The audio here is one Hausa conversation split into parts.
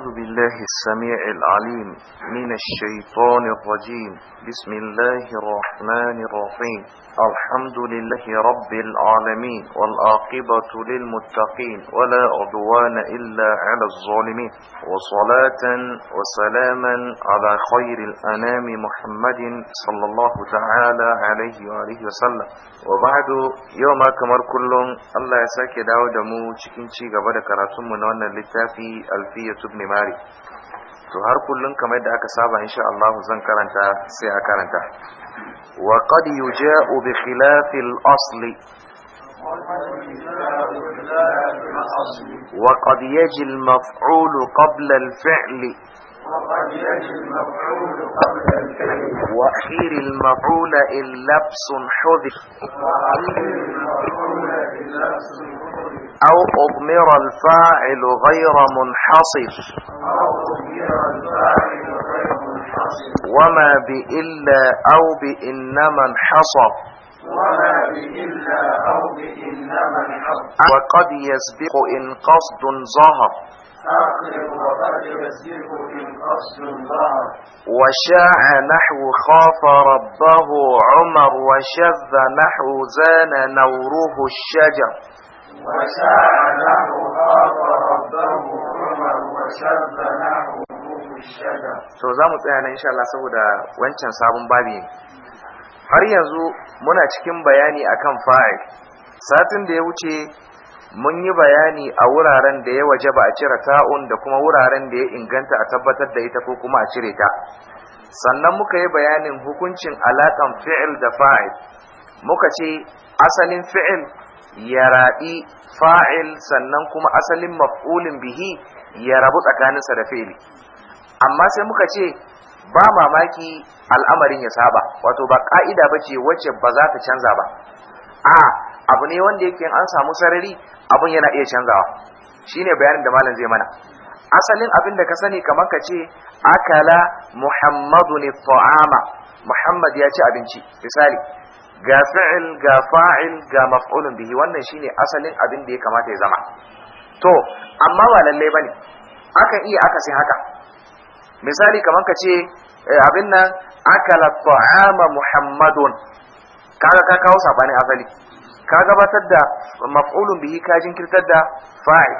أعوذ بالله السميع العليم من الشيطان الرجيم بسم الله الرحمن الرحيم الحمد لله رب العالمين والآقبة للمتقين ولا عدوان إلا على الظالمين وصلاة وسلاما على خير الأنام محمد صلى الله تعالى عليه وآله وسلم وبعد يوم أكمر كل الله يساك دعو دمو cikin ci gaba كراتم من na wannan littafi alfiyatu himari to har kullun kamar yadda aka saba insha Allah zan karanta sai a karanta wa qad yuja'u bi khilafil asli وقد يجي المفعول قبل الفعل وأخير المفعول إن لبس حذف أو أضمر الفاعل غير منحصر وما بإلا أو بإنما انحصر وقد يسبق إن قصد ظهر وشاع نحو خاف ربه عمر وشذ نحو زان نوره الشجر وسعى له خاف ربه عمر وشد له To za mu tsaya nan insha Allah saboda wancan sabon babi har yanzu muna cikin bayani akan fa'il satin da ya wuce mun yi bayani a wuraren da ya waje ba a cire ta'un da kuma wuraren da ya inganta a tabbatar da ita ko kuma a cire ta sannan muka yi bayanin hukuncin alaƙan fi'il da fa'il muka ce asalin fi'il ya raɗi fa'il sannan kuma asalin maf'ulin bihi ya rabu tsakaninsa da fi'ili amma sai muka ce ba mamaki al'amarin ya saba wato ba ka'ida ba ce wacce ba za ta canza ba a abu ne wanda yake an samu sarari abun yana iya canzawa shine bayanin da malam zai mana asalin abin da ka sani kamar ka ce akala muhammadu ne ta'ama muhammad ya ci abinci misali ga fi'il ga fa'il ga maf'ulun bihi wannan shine asalin abin da ya kamata ya zama to amma ba lalle bane akan iya aka akasin haka misali kamar ka ce eh, abin nan akala ta'ama muhammadun kaga ka kawo sabanin asali ka gabatar da maf'ulun bihi ka jinkirtar da fa'il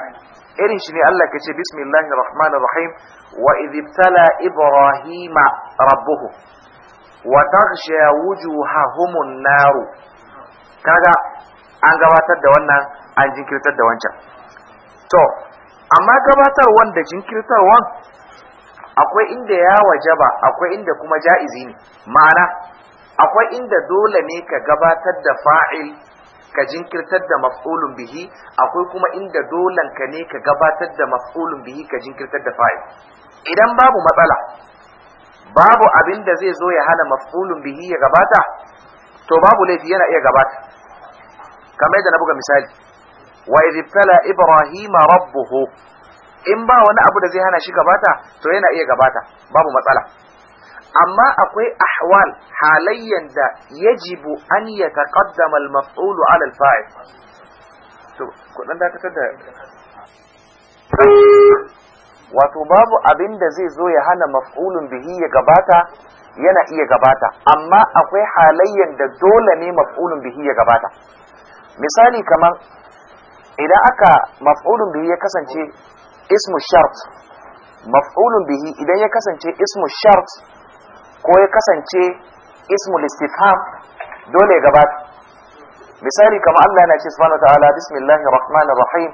irin shi ne Allah ce bismillahir rahmanir rahim wa idh ibtala ibrahima rabbuhu wa taghsha wujuhahum an-nar kaga an gabatar da wannan an jinkirtar da wancan to amma gabatar wanda jinkirtar wan akwai inda ya wajaba akwai inda kuma ja'izi ne ma'ana akwai inda dole ne ka gabatar da fa'il ka jinkirtar da maf'ulun bihi akwai kuma inda dolan ka ne ka gabatar da maf'ulun bihi ka jinkirtar da fa'il idan babu matsala babu abin da zai zo ya hana maf'ulun bihi ya gabata to babu laifi yana iya gabata kamar yadda na buga misali wa idibtala ibrahima rabbuhu in ba wani abu da zai hana shi gabata to yana iya gabata babu matsala amma akwai ahwal halayyan da yajibu an yataqaddama al-maf'ulu ala al-fa'il to kudan da wato babu abin da zai zo ya hana maf'ulun bihi ya gabata yana iya gabata amma akwai halayyan da dole ne maf'ulun bihi ya gabata misali kamar idan aka maf'ulun bihi ya kasance ismu shart maf'ulun bihi idan ya kasance ismu shart ko ya kasance ismu istifham dole ya gabata misali kamar Allah yana ce subhanahu wa ta'ala bismillahir rahmanir rahim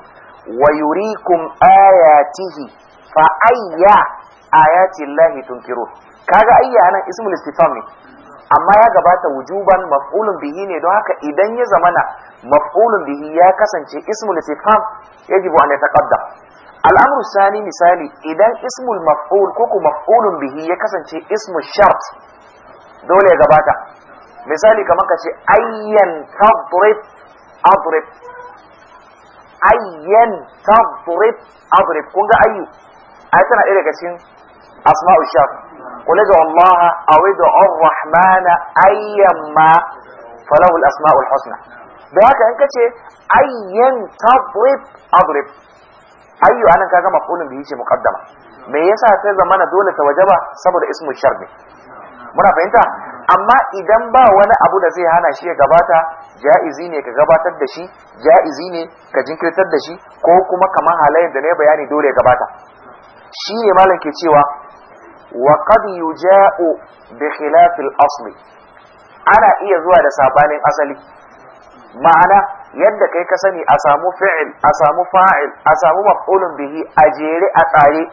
wa yurikum ayatihi fa ayya ayati llahi tunkiru kaga ayya nan ismul istifham ne amma ya gabata wujuban maf'ulun bihi ne don haka idan ya zamana maf'ulun bihi ya kasance ismul istifham yajibu an yataqaddam al'amru sani misali idan ismul maf'ul ko kuma maf'ulun bihi ya kasance ismul shart dole ya gabata misali kamar ka ce ayyan tadrib adrib ayyan tadrib adrib kun ga ayyu ai tana ɗaya daga cikin asma'u shaf qul da Allah aw da ar-rahman ayyamma falahu al-asma'u al-husna da haka in kace ayyan tabrib adrib ayyu ka kaga maf'ulun bihi ce muqaddama me yasa ta zamana dole ta wajaba saboda ismu shar ne muna fahimta amma idan ba wani abu da zai hana shi ya gabata ja'izi ne ka gabatar da shi ja'izi ne ka jinkirtar da shi ko kuma kamar halayen da ne bayani dole ya gabata shi ne malam ke cewa wa qad yuja'u bi khilafil asli ana iya zuwa da sabanin asali ma'ana yadda kai ka sani a samu fi'il a samu fa'il a samu maf'ulun bihi a jere a tsare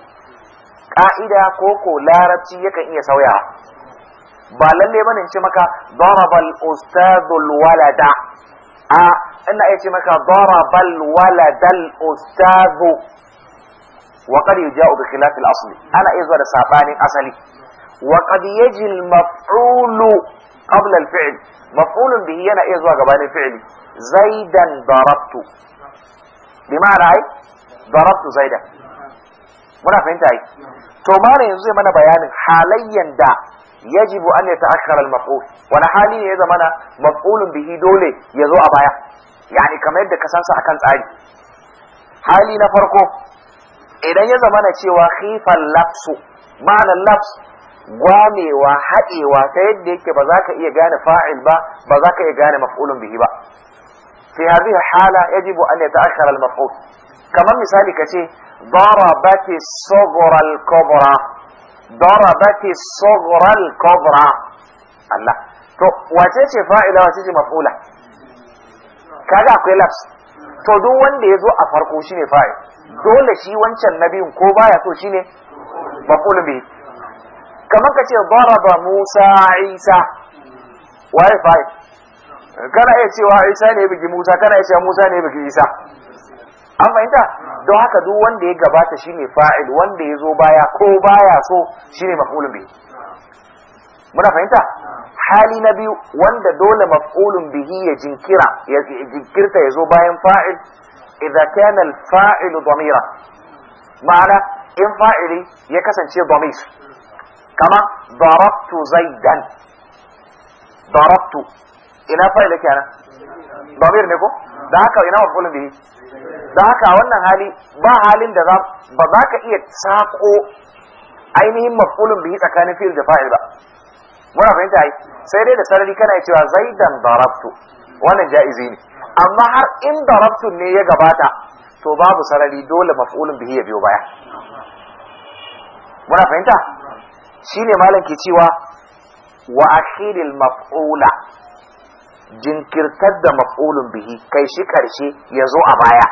ka'ida ko ko larabci yakan iya sauya ba lalle ba in ce maka darabal ustadul walada a ina iya ce maka darabal waladal ustadu وقد يجاء بخلاف الاصل انا اذا ده اصلي وقد يجي المفعول قبل الفعل مفعول به انا اذا غبان فعلي زيدا ضربت بمعنى اي ضربت زيدا ولا فهمت اي تو ما انا يزي مانا بيان حاليا دا يجب ان يتاخر المفعول وانا حاليا يا زمانا مفعول به دوله يزو ابايا يعني كما يد كسانسا اكن تsari حالي na idan ya zama na cewa khifan lafsu ma'anar lafs gwamewa haɗewa ta yadda yake ba za ka iya gane fa'il ba ba za ka iya gane maf'ulun bihi ba fi hadhihi hala yajibu an yata'akhkhara al-maf'ul kamar misali kace darabati sughra al-kubra darabati sughra Allah to wace ce fa'ila wace ce maf'ula kaga akwai lafs to duk wanda ya zo a farko shine fa'il dole shi wancan nabiyin ko baya so shine maqul bihi kamar ka ce baraba Musa Isa wai fa kana iya cewa Isa ne bigi Musa kana iya cewa Musa ne bigi Isa an fahimta don haka duk wanda ya gabata shine fa'il wanda ya zo baya ko baya so shine maqul bihi muna fahimta hali na biyu wanda dole maf'ulun bihi ya jinkira ya jinkirta ya zo bayan fa'il idza kana al-fa'ilu dhamira ma'ana in fa'ili ya kasance dhamir kama darabtu zaidan darabtu ina fa'ila kenan dhamir ne ko da haka ina mafulun bihi da haka wannan hali ba halin da ba za ka iya saƙo ainihin mafulun bihi tsakanin fi'il da fa'il ba muna fahimta ai sai dai da sarari kana cewa zaidan darabtu wannan ja'izi ne amma har in darabtun ne ya gabata to babu sarari dole maf'ulun bihi ya biyo baya muna fahimta shine malam ke cewa wa akhiril maf'ula jinkirtar da maf'ulun bihi kai shi karshe ya zo a baya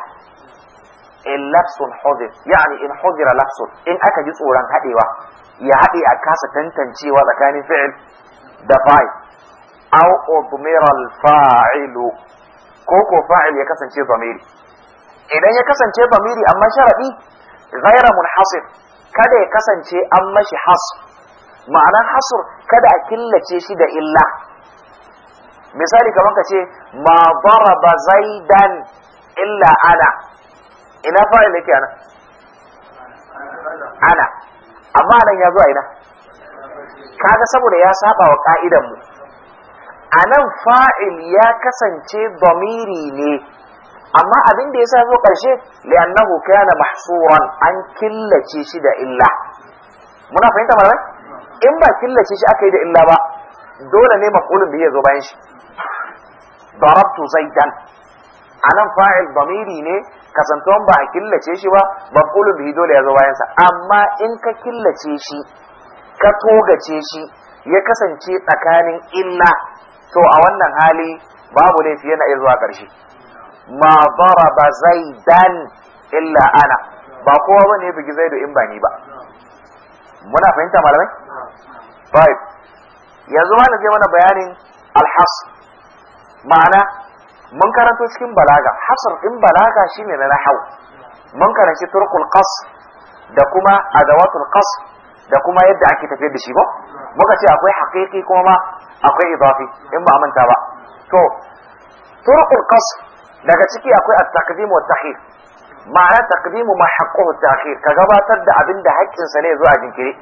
in lafsun hudir yani in hudira lafsun in aka ji tsoron haɗewa ya haɗe a kasa tantancewa tsakanin fi'il da fa'il aw udmira al-fa'ilu ko ko fa'il ya kasance zamiri idan ya kasance zamiri amma sharadi ghaira munhasir kada ya kasance an mashi Has. ma'anar hasr kada a killace shi da illa misali kamar ka ce ma daraba zaidan illa ana ina fa'il yake ana ana amma nan ya zo a ina kaga saboda ya saba wa ka'idan mu a nan fa'il ya kasance domiri ne amma abin da ya sa zo ƙarshe li'annahu kana mahsuran an killace shi da illa muna fahimta malamai in ba killace shi aka yi da illa ba dole ne maqulun da ya zo bayan shi darabtu zaidan anan fa'il damiri ne kasantuwan ba a killace shi ba maqulun bihi dole ya zo bayan sa amma in ka killace shi ka togace shi ya kasance tsakanin illa to a wannan hali babu laifi yana iya zuwa ƙarshe ma zai zaidan illa ana ba kowa bane ya bugi zaidu in ba ni ba muna fahimta malamai طيب yanzu na zai mana bayanin alhas ma'ana mun karanto cikin balaga hasar din balaga shine na nahau mun karanci turqul qas da kuma adawatul qas da kuma yadda ake tafiyar da shi ba muka ce akwai haƙiƙi kuma ma akwai idafi in ba manta ba to turqul qasr daga ciki akwai at-taqdim wa at-ta'khir ma'ana taqdim ma haqquhu at-ta'khir ka gabatar da abin da haƙƙin sa ne zuwa jinkiri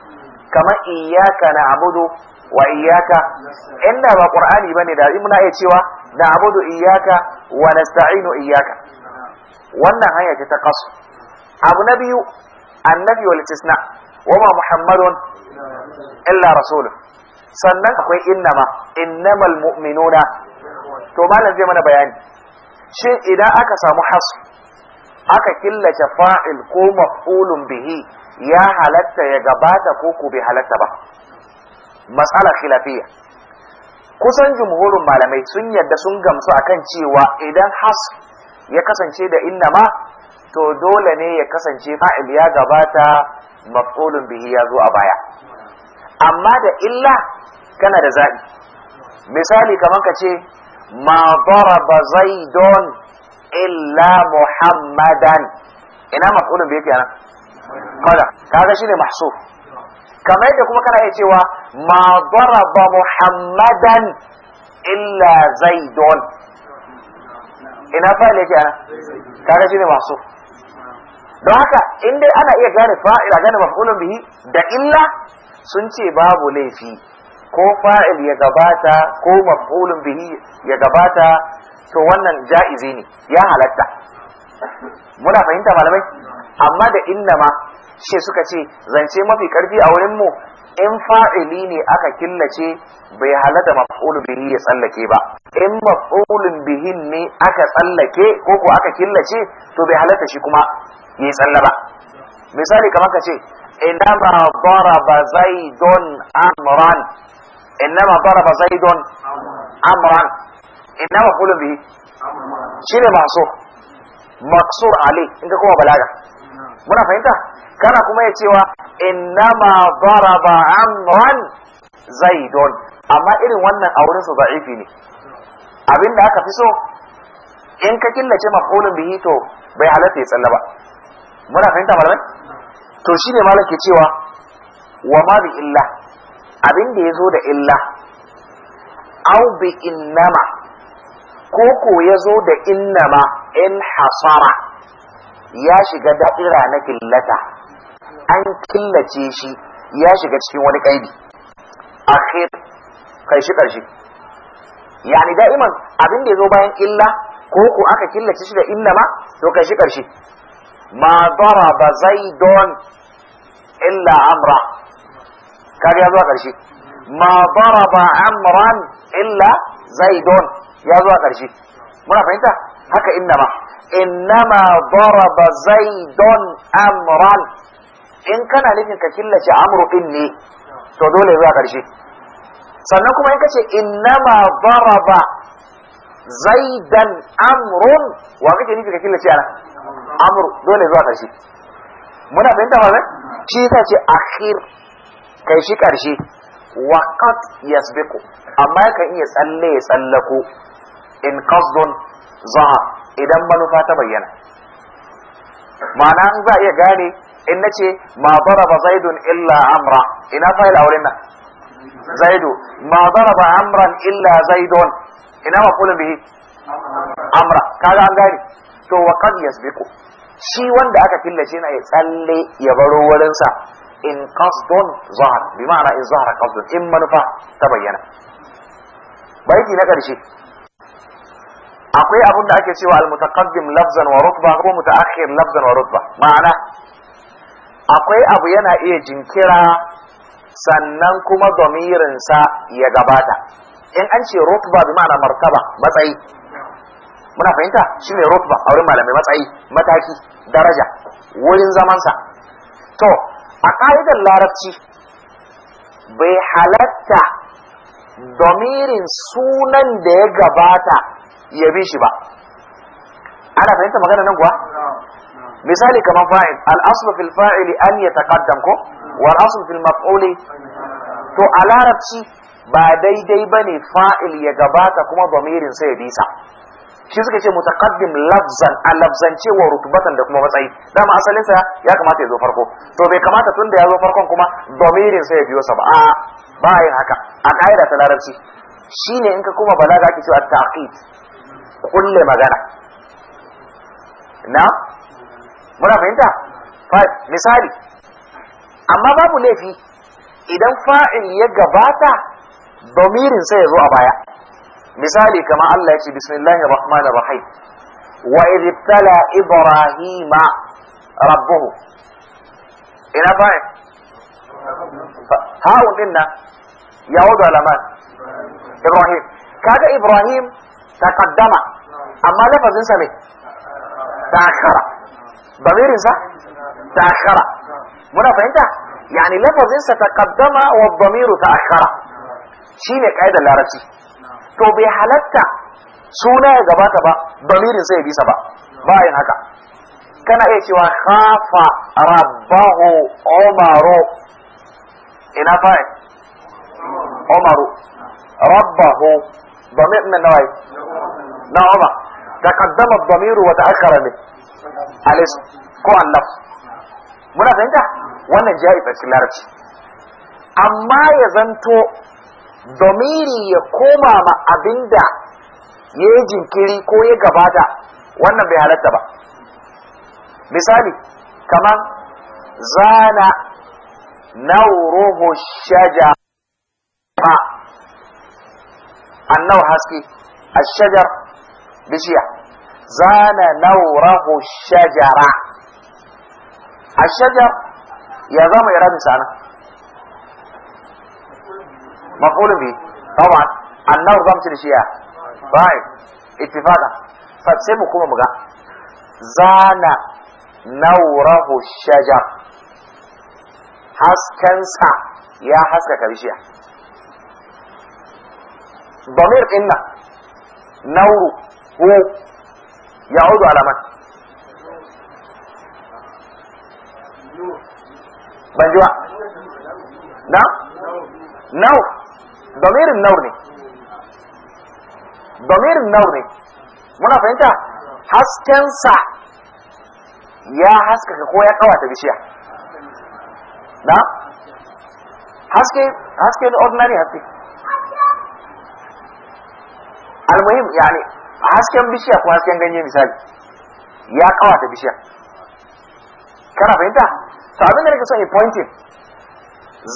kamar iyyaka na'budu wa iyyaka inna ba qur'ani bane da muna iya cewa na'budu iyyaka wa nasta'inu iyyaka wannan hanya ce ta qasr abu na biyu annabi wal istisna wa ma muhammadun illa rasulun sannan akwai innama innamal mu'minuna to malam zai mana bayani shin idan aka samu hasu aka killace fa'il ko maf'ulun bihi ya halatta ya gabata ko ku bai halatta ba matsala khilafiyya kusan jumhurin malamai sun yadda sun gamsu akan cewa idan has ya kasance da innama to dole ne ya kasance fa'il ya gabata maf'ulun bihi ya zo a baya amma da illa kana da zaɓi misali kamar ka ce ma zai don illa muhammadan ina maf'ulun bai yake nan kada kaga shine mahsuf kamar yadda kuma kana iya cewa ma ba muhammadan illa zai don. ina fa'il yake nan kaga shine mahsuf don haka in dai ana iya gane fa'ila gane maf'ulun bihi da illa sun ce babu laifi ko fa'il ya gabata ko maf'ulun bihi ya gabata to wannan ja'izi ne ya halatta muna fahimta malamai amma da innama she suka ce zance mafi karfi a wurinmu? in fa'ili ne aka killace bai halatta maf'ulun bihi ya tsallake ba in maf'ulun bihin ne aka tsallake ko ko aka killace to bai halatta shi kuma ya tsalla ba misali kamar ka ce انما ضرب زيد امرا انما ضرب زيد امرا انما قول به شيء معصور مقصور عليه انت كما بلاغه muna فهمت كان كما يتيوا انما ضرب امرا زيد اما amma irin wannan a su da'ifi ne abinda aka fi so in ka killace mafulun bihi to bai halatta ya tsalla ba muna fahimta malamai to shine malam ke cewa wa ma bi illa abin da yazo da illa aw bi innama ko ko yazo da innama in hasara ya shiga da'ira na killata an killace shi ya shiga cikin wani kaidi akhir kai shi karshe yani da'iman abin da yazo bayan illa ko ko aka killace shi da innama to kai shi karshe ما ضرب زيد إلا عمرا كان يا قرشي ما ضرب عمرا إلا زيد يا قرشي ما فهمت هكا إنما إنما ضرب زيد أمرا إن كان لكن ككلة عمرو إني تدول يا قرشي sannan kuma in kace innama daraba zaidan amrun wa kake nufi ka killace ana amru dole zuwa karshe muna fahimta ba zai shi yasa ce akhir kai shi karshe wa qad yasbiqu amma yakan iya tsalle ya tsallako in qasdun zaha idan manufa ta bayyana ma'ana an za iya gane in nace ma daraba zaidun illa amra ina fa'il a wurin nan zaidu ma daraba amran illa zaidun ina maqulun bihi amra kaga an gane to wa qad yasbiqu shi wanda aka killace na ya tsalle ya baro wurinsa in qasdun zahar bi ma'ana in zahara qasdun in manufa ta bayyana baiki na karshe akwai abin da ake cewa al-mutaqaddim lafzan wa rutba ko mutaakhir lafzan wa rutba ma'ana akwai abu yana iya jinkira sannan kuma domirinsa ya gabata in an ce rutba bi ma'ana martaba matsayi muna fahimta ne rotuba a wurin malamai matsayi mataki daraja wurin zamansa to a ƙa'idar larabci bai halatta domirin sunan da ya gabata ya bi shi ba ana fahimta magana nan kuwa misali kamar fa'il al'aslu fil fa'ili an ya ko wal aslu fil maf'uli to a larabci ba daidai ba ne fa'il ya gabata kuma domirin sai ya bisa shi suka ce mutaqaddim lafzan a lafzance rutubatan da kuma matsayi dama asalinsa ya kamata ya zo farko to bai kamata tun da ya zo farkon kuma domirin sai ya biyo sa ba a ba haka a ƙa'ida ta larabci shine in ka koma balaga ake cewa taqid kulle magana na muna fahimta misali amma babu laifi idan fa'il ya gabata domirin sai ya zo a baya misali kamar Allah ya ce bismillahir rahmanir rahim wa idh ibtala ibrahima rabbuhu ina fa ha'un dinna yaudu alaman ibrahim kaga ibrahim taqaddama amma lafazin sa ne ta'akhara domirin sa ta'akhara muna fahimta يعني لفظ انسى تقدم والضمير تأخر Shi ne ƙa'idar larabci to bai halatta suna ya gabata ba bamirin sai ya bisa ba Ba yin haka kana iya cewa hafa, rabbahu umaru ina fa'il umaru rabbahu ضمير من نوعي نعم تقدم الضمير وتأخر منه الاسم Ko النفس muna fahimta wannan jihar a cikin larabci amma ya zanto domiri ya koma ma abinda ya yi jinkiri ko ya gabata wannan bai halatta ba misali kamar zana nauruhu shaja annau haske a shajar bishiya zana naurahu shajara a shajar ya zama rabin sanar مفعول به طبعا النار ضمت لشيء باي اتفاقا فبسمو كما مغا زان نوره الشجر حسكنسا يا حسكك بشيء ضمير إن نور هو يعود على من بنجوا نعم نور domirin naur ne domirin muna fahimta haskensa ya haskaka ko ya kawata bishiya na haske haske ne ordinary haske almuhim yani hasken bishiya ko hasken ganye misali ya kawata bishiya kana fahimta to abin da nake so in pointing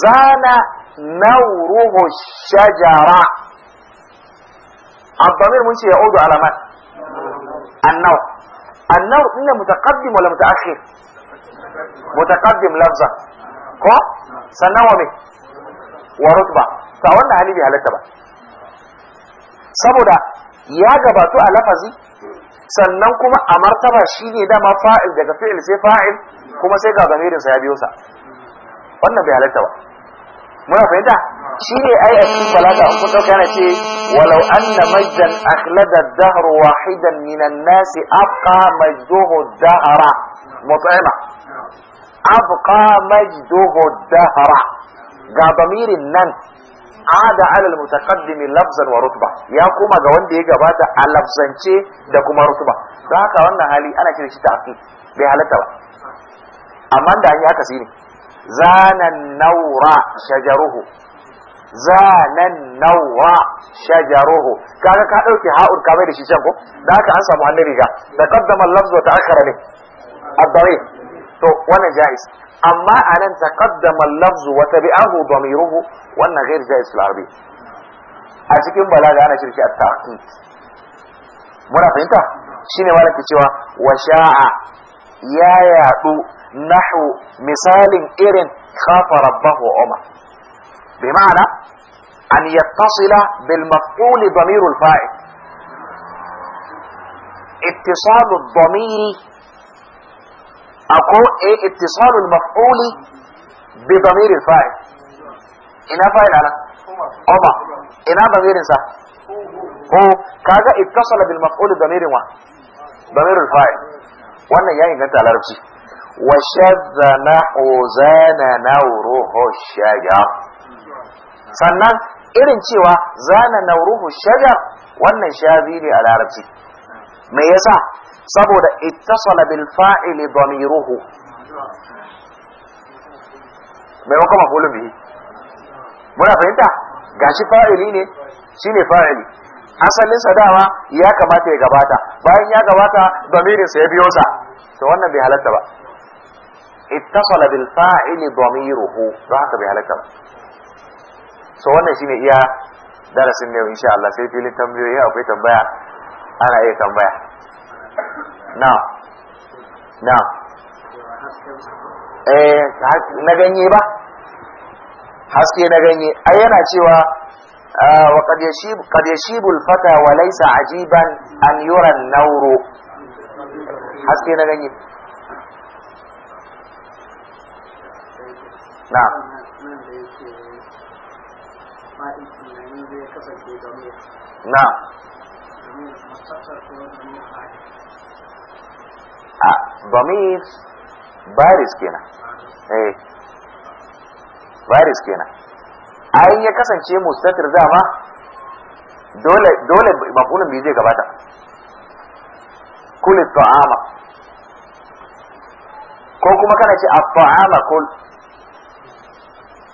zana nauruhu shajara abdamir mun ce ya ala man annau annau inna mutaqaddim wala mutaakhir mutaqaddim lafza ko sannan wa me wa rutba Ka wannan hali bai halatta ba saboda ya gabatu a lafazi sannan kuma a martaba ne dama fa'il daga fi'il sai fa'il kuma sai ga zamirin sa ya biyo sa wannan bai halatta ba muna fahimta shi ne ai a cikin balaga kun dauka ce walau anna majdan akhlada dahru wahidan minan nasi abqa majduhu dahra mut'ima abqa majduhu dahra ga damirin nan ada alal mutaqaddim lafzan wa rutba ya kuma ga wanda ya gabata a lafzance da kuma rutba don haka wannan hali ana kira shi ta'qib bai halatta ba amma da an yi haka sai ne zanan naura shajaruhu zanan naura shajaruhu kaga ka dauke ha'ur ka mai da shi can ko da haka an samu hannun riga da qaddama lafzu ta wa ta'akhkhara ne ad-dariq to wannan jaiz amma anan taqaddama al-lafz wa tabi'ahu damiruhu wannan ghair jaiz fil a cikin balaga ana shirki at-ta'qid muna fahimta shine malaka cewa wa sha'a ya yadu نحو مثال إرن خاف ربه عمر بمعنى أن يتصل بالمفعول ضمير الفاعل اتصال الضمير أقول إيه اتصال المفعول بضمير الفاعل إنا فاعل على عمر إنا ضمير إنسان هو كذا اتصل بالمفعول ضمير واحد ضمير الفاعل وأنا يعني انت على ربسي وشذ نحوزان نوره الشجر sannan irin cewa zana nauruhu shajar wannan shazi ne a larabci me yasa saboda ittasala bil fa'ili damiruhu bai kuma mafulun bihi muna fahimta gashi fa'ili ne shine fa'ili asalin sadawa ya kamata ya gabata bayan ya gabata damirin sa ya biyo sa to wannan bai halatta ba ittasala bil fa'ili dhamiruhu don haka bai halaka so wannan shine iya darasin ne insha Allah sai filin tambayoyi akwai tambaya ana iya tambaya na na eh na ganye ba haske na ganye ai yana cewa ah, wa qad yashib qad yashibu al fata wa laysa ajiban an yura an-nawru haske na ganye na na a domir baris kenan eh baris kenan ai ya kasance mustatir dama dole dole mafulun bai zai gabata kulit ta'ama ko kuma kana ce a ta'ama kul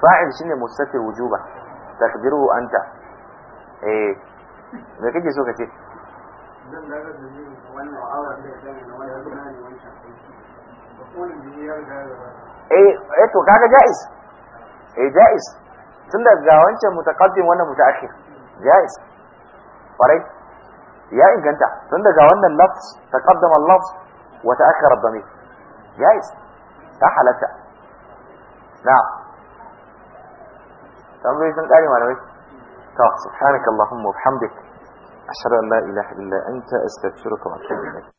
fa'il shine mustaqil wujuba takdiruhu anta eh me kake so ka ce eh eh to kaga jaiz eh jaiz tunda ga wancan mutaqaddim wannan mutaakhir jaiz farai ya inganta tunda ga wannan lafz taqaddama al-lafz wa ta'akhkhara ad-damir jaiz ta halatta na'am تعملوا يزن قالي معنا طيب سبحانك اللهم وبحمدك أشهد أن لا إله إلا أنت أستغفرك وأتوب إليك